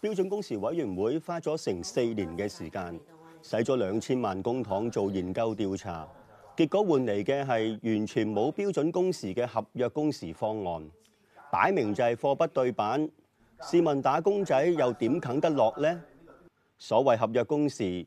標準工時委員會花咗成四年嘅時間，使咗兩千萬公帑做研究調查，結果換嚟嘅係完全冇標準工時嘅合約工時方案，擺明就係貨不對板。試問打工仔又點啃得落呢？所謂合約工時。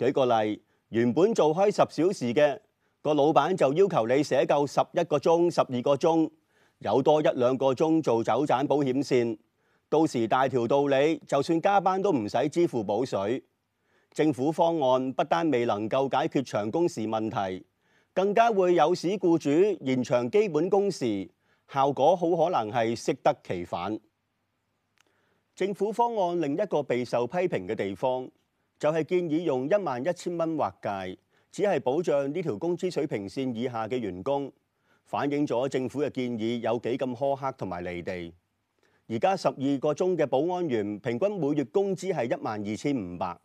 舉個例，原本做開十小時嘅個老闆就要求你寫夠十一個鐘，十二個鐘，有多一兩個鐘做走盞保險線。到時大條道理，就算加班都唔使支付補水。政府方案不單未能夠解決長工時問題，更加會誘使僱主延長基本工時，效果好可能係適得其反。政府方案另一個備受批評嘅地方。就係建議用一萬一千蚊劃界，只係保障呢條工資水平線以下嘅員工。反映咗政府嘅建議有幾咁苛刻同埋離地。而家十二個鐘嘅保安員平均每月工資係一萬二千五百。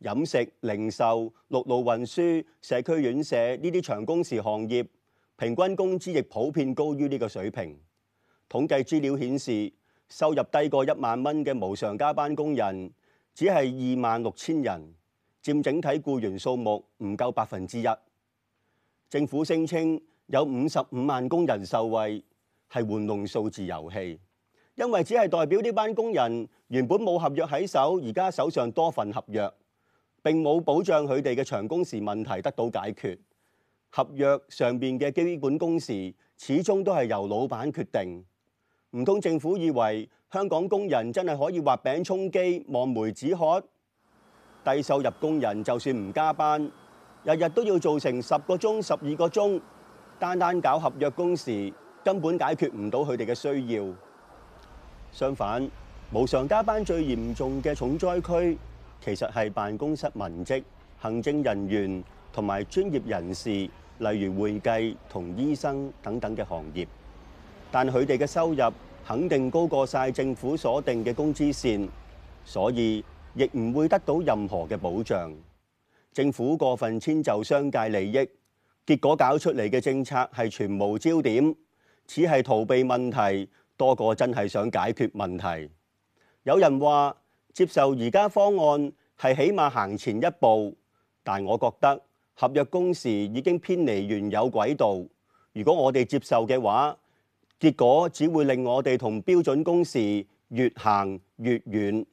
飲食、零售、陸路運輸、社區院舍呢啲長工時行業，平均工資亦普遍高於呢個水平。統計資料顯示，收入低過一萬蚊嘅無償加班工人，只係二萬六千人，佔整體雇員數目唔夠百分之一。政府聲稱有五十五萬工人受惠，係玩弄數字遊戲，因為只係代表呢班工人原本冇合約喺手，而家手上多份合約，並冇保障佢哋嘅長工時問題得到解決。合約上邊嘅基本工時，始終都係由老闆決定。唔通政府以為？香港工人真係可以畫餅充飢、望梅止渴，低收入工人就算唔加班，日日都要做成十個鐘、十二個鐘，單單搞合約工時根本解決唔到佢哋嘅需要。相反，無償加班最嚴重嘅重災區，其實係辦公室文職、行政人員同埋專業人士，例如會計同醫生等等嘅行業，但佢哋嘅收入肯定高過曬政府所定嘅工資線，所以亦唔會得到任何嘅保障。政府過分遷就商界利益，結果搞出嚟嘅政策係全無焦點，只係逃避問題多過真係想解決問題。有人話接受而家方案係起碼行前一步，但係我覺得合約工時已經偏離原有軌道，如果我哋接受嘅話，結果只會令我哋同標準工時越行越遠。